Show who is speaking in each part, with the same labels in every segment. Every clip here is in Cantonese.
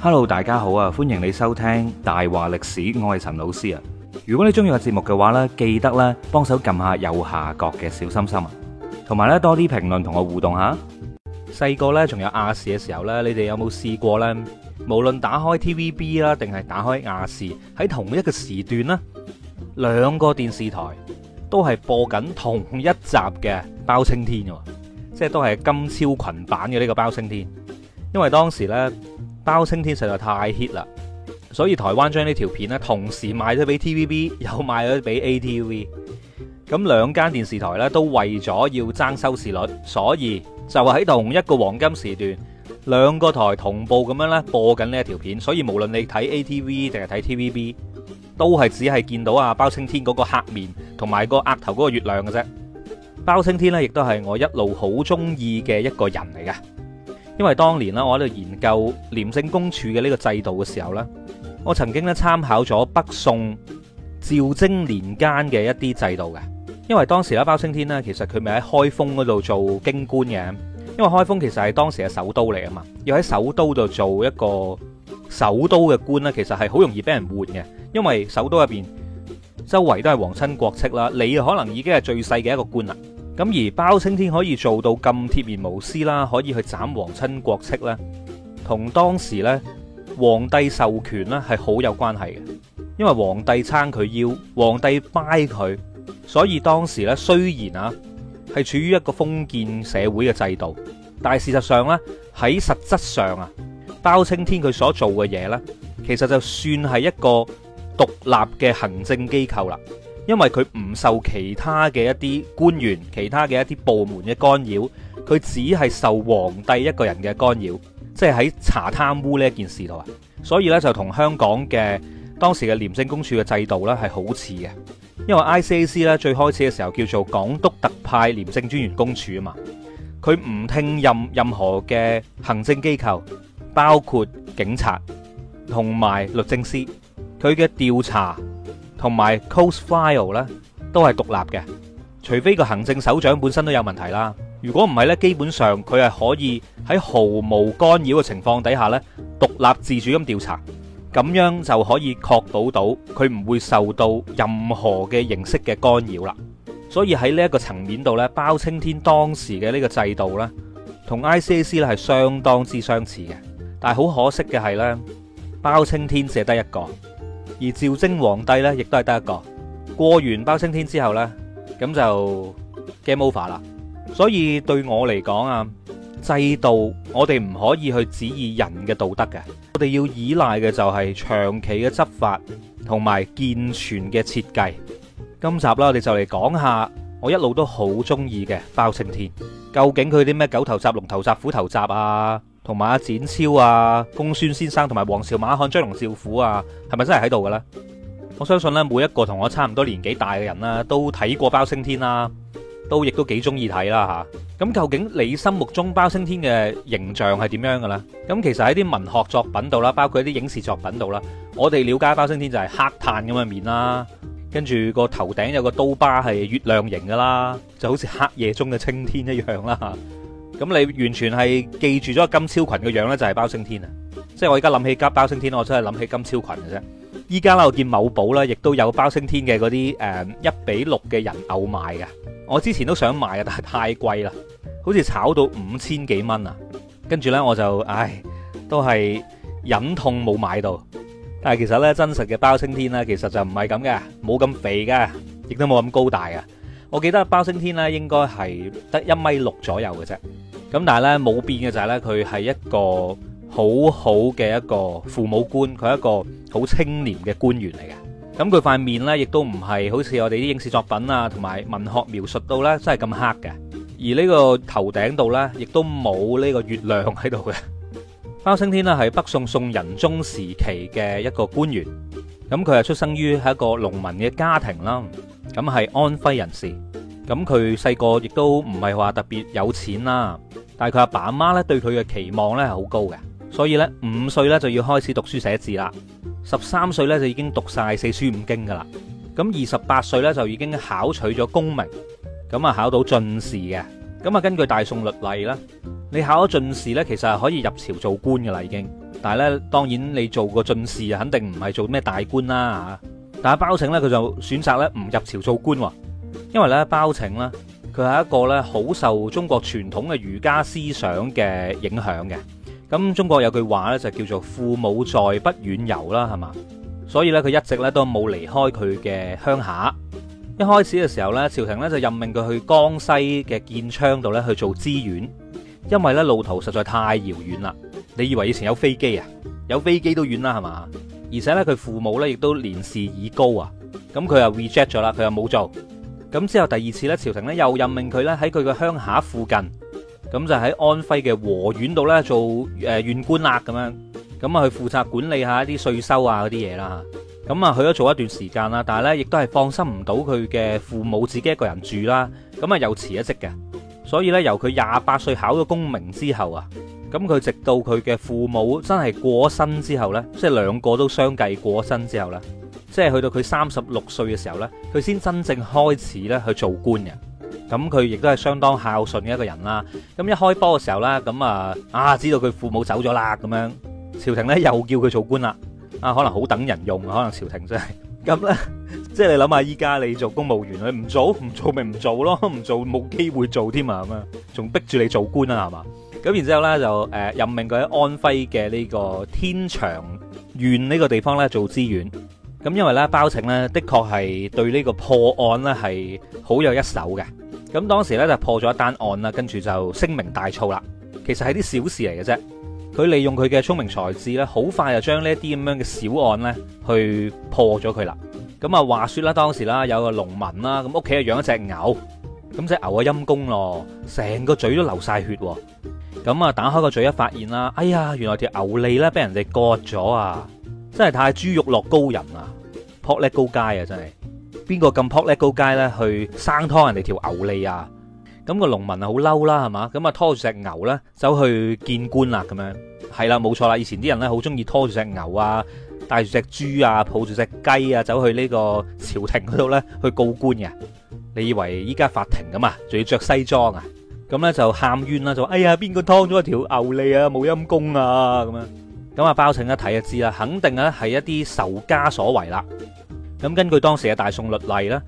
Speaker 1: hello，大家好啊！歡迎你收聽大話歷史，我係陳老師啊。如果你中意個節目嘅話呢，記得呢幫手撳下右下角嘅小心心啊，同埋呢多啲評論同我互動下。細個呢，仲有亞視嘅時候呢，你哋有冇試過呢？無論打開 TVB 啦，定係打開亞視，喺同一個時段啦，兩個電視台都係播緊同一集嘅《包青天》嘅，即係都係金超群版嘅呢個《包青天》。因為當時呢，包青天實在太 hit 啦，所以台灣將呢條片呢同時賣咗俾 TVB，又賣咗俾 ATV。咁兩間電視台呢都為咗要爭收視率，所以就喺同一個黃金時段，兩個台同步咁樣咧播緊呢條片。所以無論你睇 ATV 定係睇 TVB，都係只係見到啊包青天嗰個黑面同埋個額頭嗰個月亮嘅啫。包青天呢，亦都係我一路好中意嘅一個人嚟嘅。因為當年啦，我喺度研究廉政公署嘅呢個制度嘅時候呢，我曾經咧參考咗北宋趙禎年間嘅一啲制度嘅。因為當時啦，包青天呢，其實佢咪喺開封嗰度做京官嘅。因為開封其實係當時嘅首都嚟，啊嘛，要喺首都度做一個首都嘅官呢，其實係好容易俾人換嘅。因為首都入邊周圍都係皇親國戚啦，你可能已經係最細嘅一個官啦。咁而包青天可以做到咁鐵面無私啦，可以去斬皇親國戚啦。同當時呢，皇帝授權呢係好有關係嘅，因為皇帝撐佢腰，皇帝掰佢，所以當時呢，雖然啊係處於一個封建社會嘅制度，但係事實上呢，喺實質上啊，包青天佢所做嘅嘢呢，其實就算係一個獨立嘅行政機構啦。因為佢唔受其他嘅一啲官員、其他嘅一啲部門嘅干擾，佢只係受皇帝一個人嘅干擾，即係喺查貪污呢件事度啊！所以呢，就同香港嘅當時嘅廉政公署嘅制度呢係好似嘅，因為 ICAC 咧最開始嘅時候叫做港督特派廉政專員公署啊嘛，佢唔聽任任何嘅行政機構，包括警察同埋律政司，佢嘅調查。同埋 close file 咧，都係獨立嘅，除非個行政首長本身都有問題啦。如果唔係呢，基本上佢係可以喺毫無干擾嘅情況底下呢，獨立自主咁調查，咁樣就可以確保到佢唔會受到任何嘅形式嘅干擾啦。所以喺呢一個層面度呢，包青天當時嘅呢個制度呢，同 I C A C 咧係相當之相似嘅。但係好可惜嘅係呢，包青天只得一個。而趙禎皇帝呢，亦都係得一個，過完包青天之後呢，咁就 game over 啦。所以對我嚟講啊，制度我哋唔可以去指意人嘅道德嘅，我哋要依賴嘅就係長期嘅執法同埋健全嘅設計。今集啦，我哋就嚟講下我一路都好中意嘅包青天，究竟佢啲咩狗頭鍘、龍頭鍘、虎頭鍘啊？同埋阿展昭啊、公孫先生同埋王朝、馬漢、張龍、趙虎啊，係咪真係喺度嘅咧？我相信呢，每一個同我差唔多年紀大嘅人啦，都睇過包青天啦，都亦都幾中意睇啦吓。咁究竟你心目中包青天嘅形象係點樣嘅啦？咁其實喺啲文學作品度啦，包括啲影視作品度啦，我哋了解包青天就係黑炭咁嘅面啦，跟住個頭頂有個刀疤係月亮形噶啦，就好似黑夜中嘅青天一樣啦。咁你完全係記住咗金超群個樣呢，就係包青天啊！即係我而家諗起包包青天，我真係諗起金超群嘅啫。依家啦，我見某寶呢，亦都有包青天嘅嗰啲一比六嘅人偶賣㗎。我之前都想買啊，但係太貴啦，好似炒到五千幾蚊啊！跟住呢，我就唉，都係忍痛冇買到。但係其實呢，真實嘅包青天呢，其實就唔係咁嘅，冇咁肥嘅，亦都冇咁高大嘅。我記得包青天咧，應該係得一米六左右嘅啫。咁但係咧，冇變嘅就係咧，佢係一個好好嘅一個父母官，佢係一個好清廉嘅官員嚟嘅。咁佢塊面咧，亦都唔係好似我哋啲影視作品啊，同埋文學描述到咧，真係咁黑嘅。而呢個頭頂度咧，亦都冇呢個月亮喺度嘅。包青天咧係北宋宋仁宗時期嘅一個官員，咁佢係出生於喺一個農民嘅家庭啦。咁係安徽人士，咁佢細個亦都唔係話特別有錢啦，但係佢阿爸阿媽呢對佢嘅期望呢係好高嘅，所以呢五歲呢就要開始讀書寫字啦，十三歲呢就已經讀晒四書五經噶啦，咁二十八歲呢就已經考取咗功名，咁啊考到進士嘅，咁啊根據大宋律例呢，你考咗進士呢其實係可以入朝做官噶啦已經，但係呢，當然你做個進士啊肯定唔係做咩大官啦吓。但係包拯咧，佢就選擇咧唔入朝做官喎，因為咧包拯呢，佢係一個咧好受中國傳統嘅儒家思想嘅影響嘅。咁中國有句話咧，就叫做父母在，不遠遊啦，係嘛？所以咧，佢一直咧都冇離開佢嘅鄉下。一開始嘅時候咧，朝廷咧就任命佢去江西嘅建昌度咧去做知縣，因為咧路途實在太遙遠啦。你以為以前有飛機啊？有飛機都遠啦，係嘛？而且咧，佢父母咧亦都年事已高啊，咁佢又 reject 咗啦，佢又冇做。咁之後第二次咧，朝廷咧又任命佢咧喺佢嘅鄉下附近，咁就喺安徽嘅和縣度咧做誒縣官啦，咁樣咁啊去負責管理下一啲稅收啊嗰啲嘢啦。咁啊去咗做一段時間啦，但係咧亦都係放心唔到佢嘅父母自己一個人住啦，咁啊又辭一職嘅。所以咧由佢廿八歲考咗功名之後啊。咁佢直到佢嘅父母真係過身之後咧，即係兩個都相繼過身之後咧，即係去到佢三十六歲嘅時候咧，佢先真正開始咧去做官嘅。咁佢亦都係相當孝順嘅一個人啦。咁一開波嘅時候咧，咁啊啊知道佢父母走咗啦，咁樣朝廷咧又叫佢做官啦。啊可能好等人用，可能朝廷真係咁咧。即係你諗下，依家你做公務員，你唔做唔做咪唔做咯，唔做冇機會做添啊，咁樣仲逼住你做官啊，係嘛？咁然之後咧就誒任命佢喺安徽嘅呢個天長縣呢個地方咧做知縣。咁因為咧包拯呢，的確係對呢個破案咧係好有一手嘅。咁當時咧就破咗一單案啦，跟住就聲名大噪啦。其實係啲小事嚟嘅啫。佢利用佢嘅聰明才智咧，好快就將呢一啲咁樣嘅小案咧去破咗佢啦。咁啊，話說啦，當時啦有個農民啦，咁屋企啊養一隻牛，咁隻牛啊陰公咯，成個嘴都流晒血。咁啊！打開個嘴一發現啦，哎呀，原來條牛脷咧，俾人哋割咗啊！真係太豬肉落高人啊，撲叻高街啊，真係邊個咁撲叻高街咧？去生拖人哋條牛脷啊！咁個農民啊，好嬲啦，係嘛？咁啊，拖住隻牛咧，走去見官啦，咁樣係啦，冇錯啦，以前啲人咧，好中意拖住隻牛啊，帶住隻豬啊，抱住隻雞啊，走去呢個朝廷嗰度咧，去告官啊。你以為依家法庭咁啊，仲要着西裝啊？咁咧就喊冤啦，就哎呀，邊個劏咗一條牛脷啊，冇陰公啊，咁樣，咁啊，包拯一睇就知啦，肯定咧係一啲仇家所為啦。咁根據當時嘅大宋律例啦，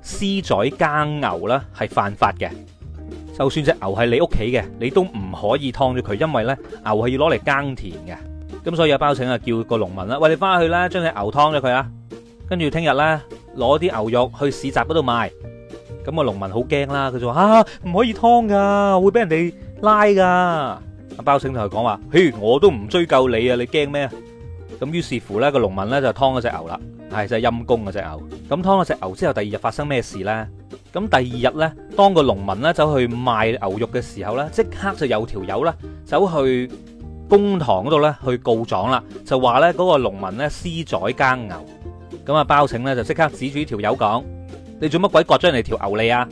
Speaker 1: 私宰耕牛呢係犯法嘅，就算隻牛係你屋企嘅，你都唔可以劏咗佢，因為咧牛係要攞嚟耕田嘅。咁所以阿包拯啊，叫個農民啦，喂，你翻去啦，將隻牛劏咗佢啊，跟住聽日咧攞啲牛肉去市集嗰度賣。咁啊，農民好驚啦，佢就話啊，唔可以劏噶，會俾人哋拉噶。阿包拯就係講話，嘿，我都唔追究你啊，你驚咩啊？咁於是乎咧，個農民咧就劏嗰隻牛啦，唉，就係陰公嗰隻牛。咁劏嗰隻牛之後，第二日發生咩事咧？咁第二日咧，當個農民咧走去賣牛肉嘅時候咧，即刻就有條友咧走去公堂嗰度咧去告狀啦，就話咧嗰個農民咧私宰耕牛。咁啊，阿包拯咧就即刻指住條友講。你做乜鬼割咗人哋條牛脷啊？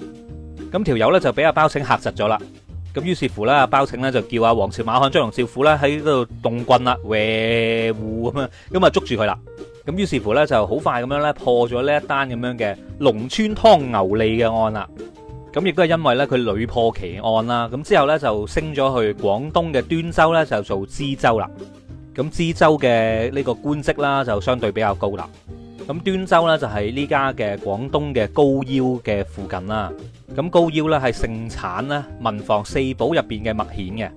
Speaker 1: 咁條友咧就俾阿包拯吓窒咗啦。咁於是乎咧，阿包拯咧就叫阿王朝馬漢張龍趙虎咧喺嗰度動棍啦，威武咁啊，咁啊捉住佢啦。咁於是乎咧就好快咁樣咧破咗呢一單咁樣嘅農村劏牛脷嘅案啦。咁亦都係因為咧佢屢破奇案啦。咁之後咧就升咗去廣東嘅端州咧就做知州啦。咁知州嘅呢個官職啦就相對比較高啦。咁端州咧就係呢家嘅廣東嘅高要嘅附近啦。咁高要咧係盛產咧《文房四寶》入邊嘅墨硯嘅。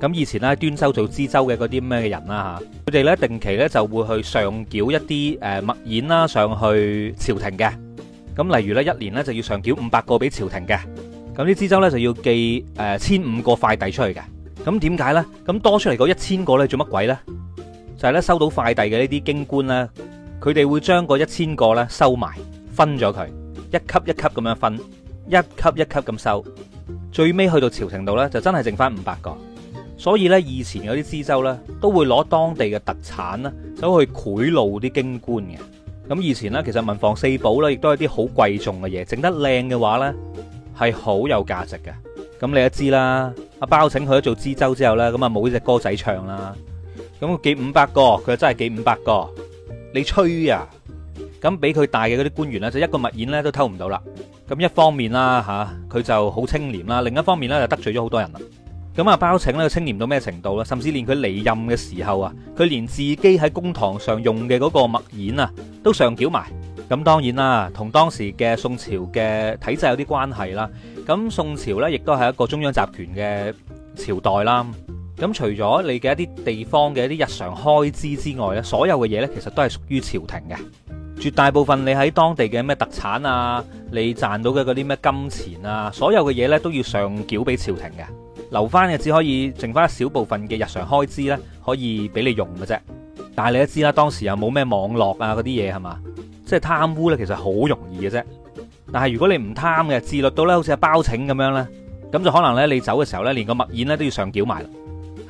Speaker 1: 咁以前咧端州做知州嘅嗰啲咩嘅人啦吓，佢哋咧定期咧就會去上繳一啲誒墨硯啦，上去朝廷嘅。咁例如咧一年咧就要上繳五百個俾朝廷嘅。咁啲知州咧就要寄誒千五個快遞出去嘅。咁點解咧？咁多出嚟嗰一千個咧做乜鬼咧？就係咧收到快遞嘅呢啲京官咧。佢哋會將嗰一千個呢收埋，分咗佢一級一級咁樣分，一級一級咁收，最尾去到朝廷度呢就真係剩翻五百個。所以呢，以前嗰啲知州呢，都會攞當地嘅特產呢走去賄賂啲京官嘅。咁以前呢，其實文房四寶呢，亦都係啲好貴重嘅嘢，整得靚嘅話呢，係好有價值嘅。咁你都知啦，阿包請佢做知州之後呢，咁啊冇呢隻歌仔唱啦。咁佢幾五百個，佢真係幾五百個。你吹啊！咁比佢大嘅嗰啲官員呢，就一個墨硯呢都偷唔到啦。咁一方面啦，佢就好清廉啦；另一方面呢，就得罪咗好多人啦。咁啊，包拯呢，清廉到咩程度呢？甚至連佢離任嘅時候啊，佢連自己喺公堂上用嘅嗰個墨硯啊，都上繳埋。咁當然啦，同當時嘅宋朝嘅體制有啲關係啦。咁宋朝呢，亦都係一個中央集權嘅朝代啦。咁除咗你嘅一啲地方嘅一啲日常開支之外呢，所有嘅嘢呢，其實都係屬於朝廷嘅絕大部分。你喺當地嘅咩特產啊，你賺到嘅嗰啲咩金錢啊，所有嘅嘢呢，都要上繳俾朝廷嘅，留翻嘅只可以剩翻一小部分嘅日常開支呢，可以俾你用嘅啫。但係你都知啦，當時又冇咩網絡啊嗰啲嘢係嘛，即係貪污呢，其實好容易嘅啫。但係如果你唔貪嘅，自律到呢好似係包拯咁樣呢，咁就可能呢，你走嘅時候呢，連個墨硯呢都要上繳埋。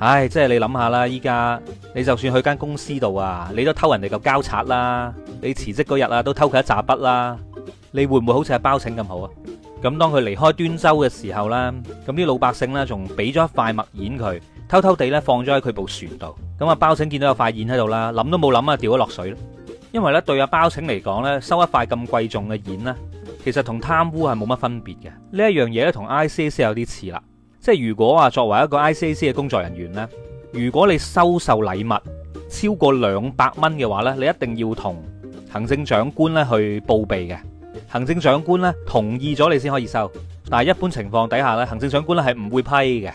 Speaker 1: 唉，即係你諗下啦，依家你就算去間公司度啊，你都偷人哋嚿膠擦啦，你辭職嗰日啊，都偷佢一紮筆啦，你會唔會好似阿包拯咁好啊？咁當佢離開端州嘅時候啦，咁啲老百姓呢，仲俾咗一塊墨硯佢，偷偷地呢，放咗喺佢部船度，咁啊包拯見到有塊硯喺度啦，諗都冇諗啊，掉咗落水啦。因為呢，對阿包拯嚟講呢，收一塊咁貴重嘅硯呢，其實同貪污係冇乜分別嘅，呢一樣嘢咧同 ICAC 有啲似啦。即係如果啊，作為一個 I C A C 嘅工作人員咧，如果你收受禮物超過兩百蚊嘅話咧，你一定要同行政長官咧去報備嘅。行政長官咧同意咗，你先可以收。但係一般情況底下咧，行政長官咧係唔會批嘅。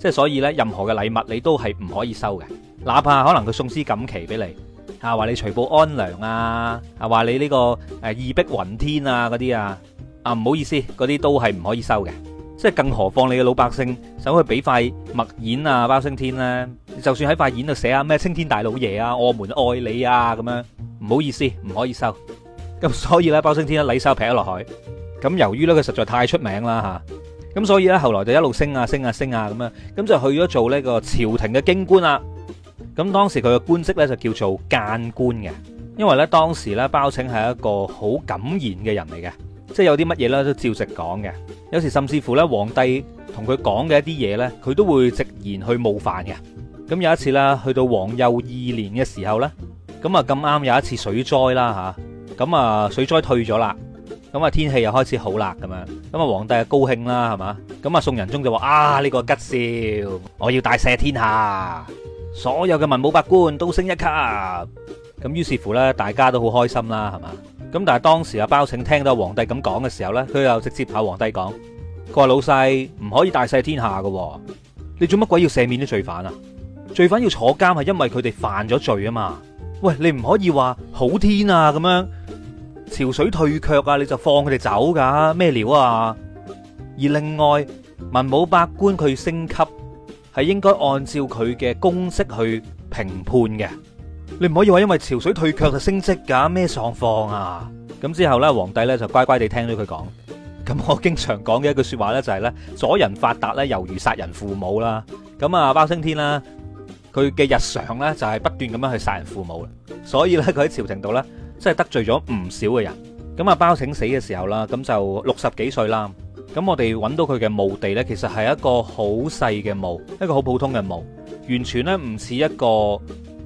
Speaker 1: 即係所以咧，任何嘅禮物你都係唔可以收嘅，哪怕可能佢送支錦旗俾你啊，話你除暴安良啊，啊話你呢個誒，義薄雲天啊嗰啲啊。啊，唔好意思，嗰啲都係唔可以收嘅。即係，更何況你嘅老百姓想去俾塊墨硯啊，包青天咧，就算喺塊硯度寫下咩青天大老爺啊，我們愛你啊，咁樣唔好意思，唔可以收。咁所以咧，包青天咧禮收劈咗落去。咁由於咧佢實在太出名啦吓，咁所以咧後來就一路升啊升啊升啊咁樣，咁就去咗做呢個朝廷嘅京官啦。咁當時佢嘅官職咧就叫做諫官嘅，因為咧當時咧包拯係一個好敢言嘅人嚟嘅，即係有啲乜嘢咧都照直講嘅。有時甚至乎咧，皇帝同佢講嘅一啲嘢咧，佢都會直言去冒犯嘅。咁有一次啦，去到皇祐二年嘅時候咧，咁啊咁啱有一次水災啦吓，咁啊水災退咗啦，咁啊天氣又開始好啦咁樣，咁啊皇帝啊高興啦係嘛，咁啊宋仁宗就話啊呢個吉兆，我要大赦天下，所有嘅文武百官都升一級，咁於是乎咧，大家都好開心啦係嘛。咁但係當時阿包拯聽到皇帝咁講嘅時候咧，佢又直接同皇帝講：佢話老細唔可以大赦天下嘅，你做乜鬼要赦免啲罪犯啊？罪犯要坐監係因為佢哋犯咗罪啊嘛。喂，你唔可以話好天啊咁樣，潮水退卻啊，你就放佢哋走噶？咩料啊？而另外，文武百官佢升級係應該按照佢嘅公式去評判嘅。你唔可以話因為潮水退卻就升職噶，咩狀況啊！咁之後呢，皇帝呢就乖乖地聽咗佢講。咁我經常講嘅一句說話呢，就係呢：「阻人發達呢，猶如殺人父母啦。」咁啊，包青天啦，佢嘅日常呢，就係不斷咁樣去殺人父母，所以呢，佢喺朝廷度呢，真係得罪咗唔少嘅人。咁啊，包拯死嘅時候啦，咁就六十幾歲啦。咁我哋揾到佢嘅墓地呢，其實係一個好細嘅墓，一個好普通嘅墓，完全呢，唔似一個。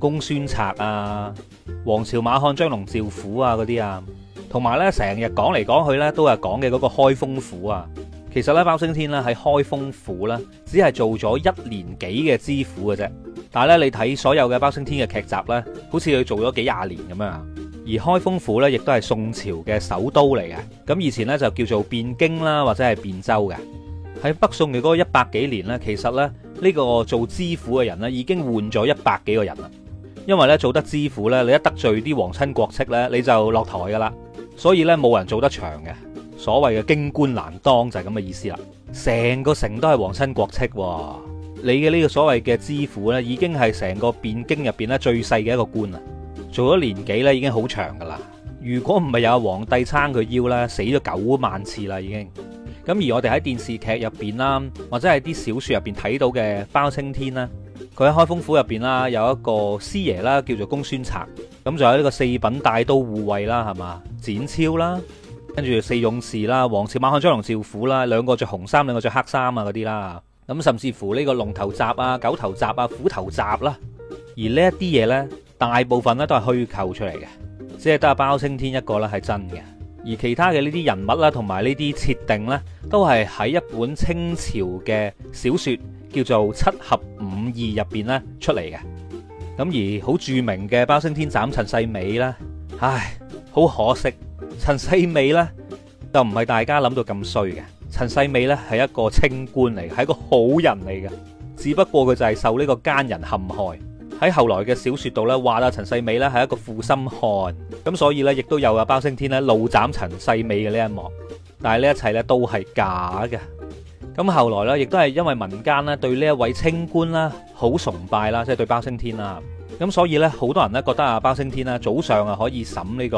Speaker 1: 公孫策啊、王朝馬漢、張龍趙虎啊嗰啲啊，同埋呢成日講嚟講去呢，都係講嘅嗰個開封府啊。其實呢，包青天呢喺開封府呢只係做咗一年幾嘅知府嘅啫。但係呢，你睇所有嘅包青天嘅劇集呢，好似佢做咗幾廿年咁樣啊。而開封府呢，亦都係宋朝嘅首都嚟嘅。咁以前呢，就叫做汴京啦，或者係汴州嘅。喺北宋嘅嗰一百幾年呢，其實呢，呢、呢個做知府嘅人呢，已經換咗一百幾個人啦。因為咧做得知府咧，你一得罪啲皇親國戚咧，你就落台噶啦。所以咧冇人做得長嘅，所謂嘅京官難當就係咁嘅意思啦。成個城都係皇親國戚，你嘅呢個，個所謂嘅知府咧，已經係成個汴京入邊咧最細嘅一個官啦。做咗年幾咧已經好長噶啦。如果唔係有皇帝撐佢腰咧，死咗九萬次啦已經。咁而我哋喺電視劇入邊啦，或者係啲小說入邊睇到嘅包青天啦。佢喺開封府入邊啦，有一個師爺啦，叫做公孫策，咁仲有呢個四品大刀護衛啦，係嘛？展昭啦，跟住四勇士啦，王朝、馬漢、張龍、趙虎啦，兩個着紅衫，兩個着黑衫啊，嗰啲啦，咁甚至乎呢個龍頭閘啊、狗頭閘啊、虎頭閘啦，而呢一啲嘢呢，大部分呢都係虛構出嚟嘅，即係得包青天一個啦係真嘅。而其他嘅呢啲人物啦，同埋呢啲設定咧，都係喺一本清朝嘅小説叫做《七俠五義》入邊呢出嚟嘅。咁而好著名嘅包青天斬陳世美啦，唉，好可惜，陳世美呢，就唔係大家諗到咁衰嘅。陳世美呢，係一個清官嚟，係一個好人嚟嘅，只不過佢就係受呢個奸人陷害。喺後來嘅小説度咧，話啦，陳世美咧係一個負心漢，咁所以咧亦都有啊包青天咧怒斬陳世美嘅呢一幕。但係呢一切呢都係假嘅。咁後來呢，亦都係因為民間咧對呢一位清官啦好崇拜啦，即係對包青天啦。咁所以呢，好多人呢覺得啊包青天啦早上啊可以審呢個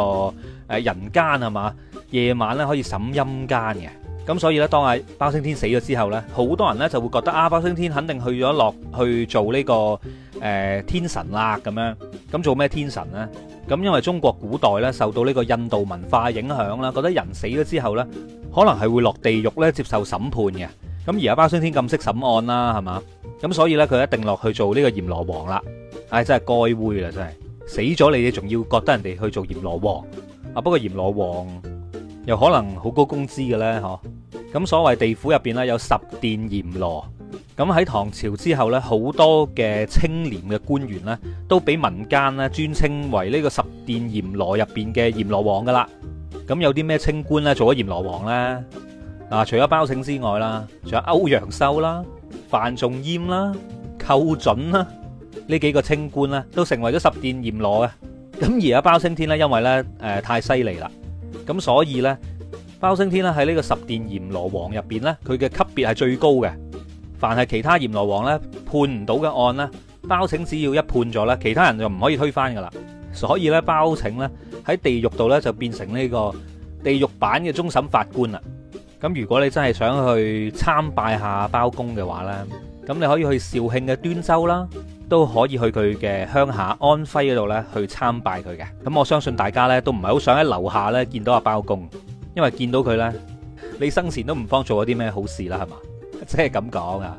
Speaker 1: 誒人間係嘛？夜晚咧可以審陰間嘅。咁所以呢，當阿包青天死咗之後呢，好多人呢就會覺得啊包青天肯定去咗落去做呢個。誒、呃、天神啦、啊、咁樣，咁做咩天神呢？咁因為中國古代呢受到呢個印度文化影響啦，覺得人死咗之後呢，可能係會落地獄呢接受審判嘅。咁而家包青天咁識審案啦，係嘛？咁所以呢，佢一定落去做呢個閻羅王啦。唉、哎，真係該煨啦，真係死咗你哋仲要覺得人哋去做閻羅王啊？不過閻羅王又可能好高工資嘅咧，嗬？咁所謂地府入面咧有十殿閻羅。咁喺唐朝之後咧，好多嘅清廉嘅官員咧，都俾民間咧尊稱為呢個十殿閻羅入邊嘅閻羅王噶啦。咁有啲咩清官咧做咗閻羅王咧？嗱，除咗包拯之外啦，仲有歐陽修啦、范仲淹啦、寇準啦呢幾個清官咧，都成為咗十殿閻羅㗎。咁而家包青天咧，因為咧誒太犀利啦，咁所以咧包青天咧喺呢個十殿閻羅王入邊咧，佢嘅級別係最高嘅。凡係其他閻羅王咧判唔到嘅案呢，包拯只要一判咗咧，其他人就唔可以推翻噶啦。所以咧，包拯呢喺地獄度呢就變成呢個地獄版嘅終審法官啦。咁如果你真係想去參拜下包公嘅話呢，咁你可以去肇慶嘅端州啦，都可以去佢嘅鄉下安徽嗰度呢去參拜佢嘅。咁我相信大家呢都唔係好想喺樓下呢見到阿包公，因為見到佢呢，你生前都唔方做咗啲咩好事啦，係嘛？即係咁講啊！